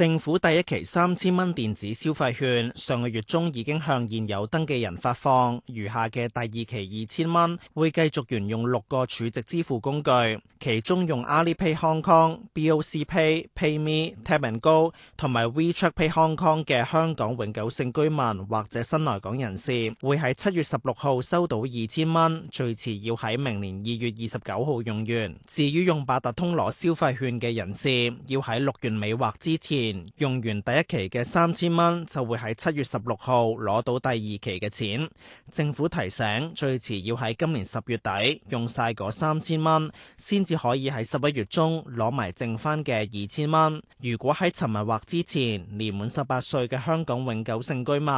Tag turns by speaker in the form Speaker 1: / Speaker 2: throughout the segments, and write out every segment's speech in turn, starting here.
Speaker 1: 政府第一期三千蚊電子消費券上個月中已經向現有登記人發放，餘下嘅第二期二千蚊會繼續沿用六個儲值支付工具，其中用 Alipay Hong Kong、B O C Pay、PayMe、Tap and Go 同埋 WeChat Pay Hong Kong 嘅香港永久性居民或者新來港人士會喺七月十六號收到二千蚊，最遲要喺明年二月二十九號用完。至於用八達通攞消費券嘅人士，要喺六月尾或之前。用完第一期嘅三千蚊，就會喺七月十六號攞到第二期嘅錢。政府提醒，最遲要喺今年十月底用晒嗰三千蚊，先至可以喺十一月中攞埋剩返嘅二千蚊。如果喺尋日或之前年滿十八歲嘅香港永久性居民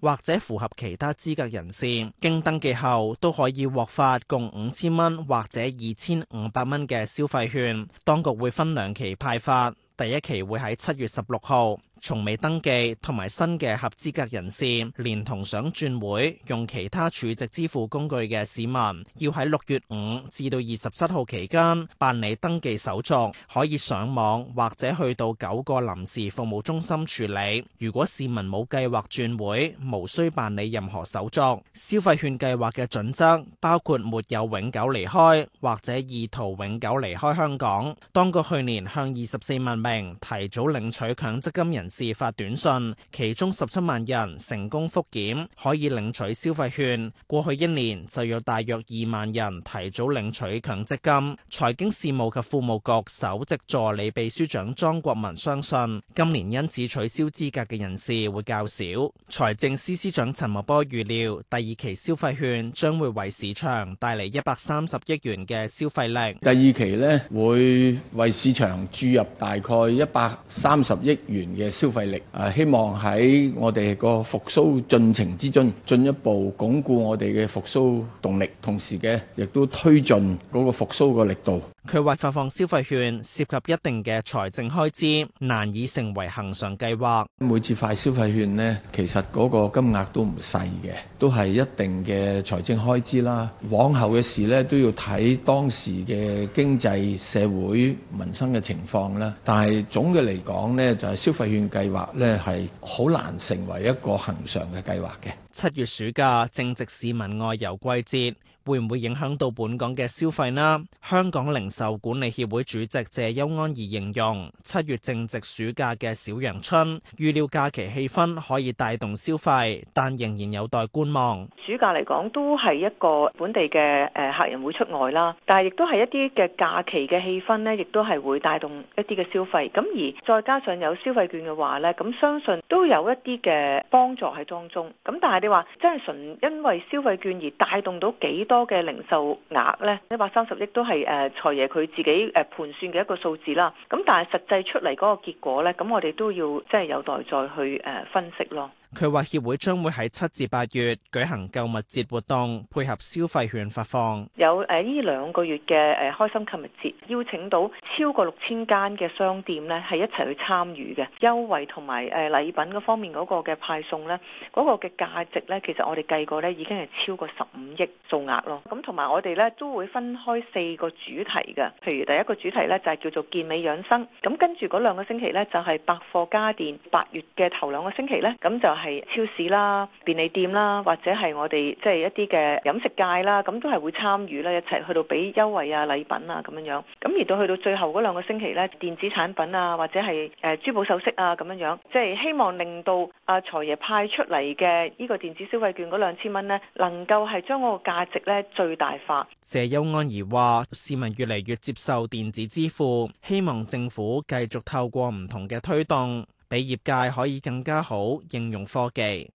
Speaker 1: 或者符合其他資格人士，經登記後都可以獲發共五千蚊或者二千五百蚊嘅消費券。當局會分兩期派發。第一期會喺七月十六號。從未登記同埋新嘅合資格人士，連同想轉會用其他儲值支付工具嘅市民，要喺六月五至到二十七號期間辦理登記手續，可以上網或者去到九個臨時服務中心處理。如果市民冇計劃轉會，無需辦理任何手續。消費券計劃嘅準則包括沒有永久離開或者意圖永久離開香港。當局去年向二十四萬名提早領取強積金人，人發短信，其中十七萬人成功覆檢，可以領取消費券。過去一年就有大約二萬人提早領取強積金。財經事務及庫務局首席助理秘書長莊國文相信，今年因此取消資格嘅人士會較少。財政司司長陳茂波預料，第二期消費券將會為市場帶嚟一百三十億元嘅消費力。
Speaker 2: 第二期咧會為市場注入大概一百三十億元嘅。消費力誒希望喺我哋個復甦進程之中，進一步鞏固我哋嘅復甦動力，同時嘅亦都推進嗰個復甦個力度。
Speaker 1: 佢話發放消費券涉及一定嘅財政開支，難以成為
Speaker 2: 恆常計劃。每次發消費券呢，其實嗰個金額都唔細嘅，都係一定嘅財政開支啦。往後嘅事呢，都要睇當時嘅經濟社會民生嘅情況啦。但係總嘅嚟講呢，就係、是、消費券計劃呢係好難成為一個恒常嘅計劃嘅。七月暑假
Speaker 1: 正值市民外遊季節，會唔會影響到本港嘅消費呢？香港零售管理協會主席謝邱安儀形容，七月正值暑假嘅小陽春，預料假期氣氛可以帶動消費，但仍然有待觀望。
Speaker 3: 暑假嚟講都係一個本地嘅誒客人會出外啦，但係亦都係一啲嘅假期嘅氣氛呢，亦都係會帶動一啲嘅消費，咁而再加上有消費券嘅。話咧，咁相信都有一啲嘅幫助喺當中。咁但係你話，真係純因為消費券而帶動到幾多嘅零售額呢？一百三十億都係誒財爺佢自己誒盤算嘅一個數字啦。咁但係實際出嚟嗰個結果呢，咁我哋都要真係有待再去誒、呃、分析咯。
Speaker 1: 佢話協會將會喺七至八月舉行購物節活動，配合消費券發放。
Speaker 3: 有誒呢兩個月嘅誒開心購物節，邀請到超過六千間嘅商店呢係一齊去參與，嘅優惠同埋誒禮品嗰方面嗰個嘅派送呢嗰個嘅價值呢，其實我哋計過呢已經係超過十五億數額咯。咁同埋我哋呢都會分開四個主題嘅，譬如第一個主題呢就係叫做健美養生。咁跟住嗰兩個星期呢，就係百貨家電，八月嘅頭兩個星期呢，咁就係。係超市啦、便利店啦，或者係我哋即係一啲嘅飲食界啦，咁都係會參與啦，一齊去到俾優惠啊、禮品啊咁樣樣，咁而到去到最後嗰兩個星期咧，電子產品啊，或者係誒珠寶首飾啊咁樣樣，即係希望令到阿財爺派出嚟嘅呢個電子消費券嗰兩千蚊咧，能夠係將嗰個價值咧最大化。
Speaker 1: 謝邱安儀話市民越嚟越接受電子支付，希望政府繼續透過唔同嘅推動。俾業界可以更加好應用科技。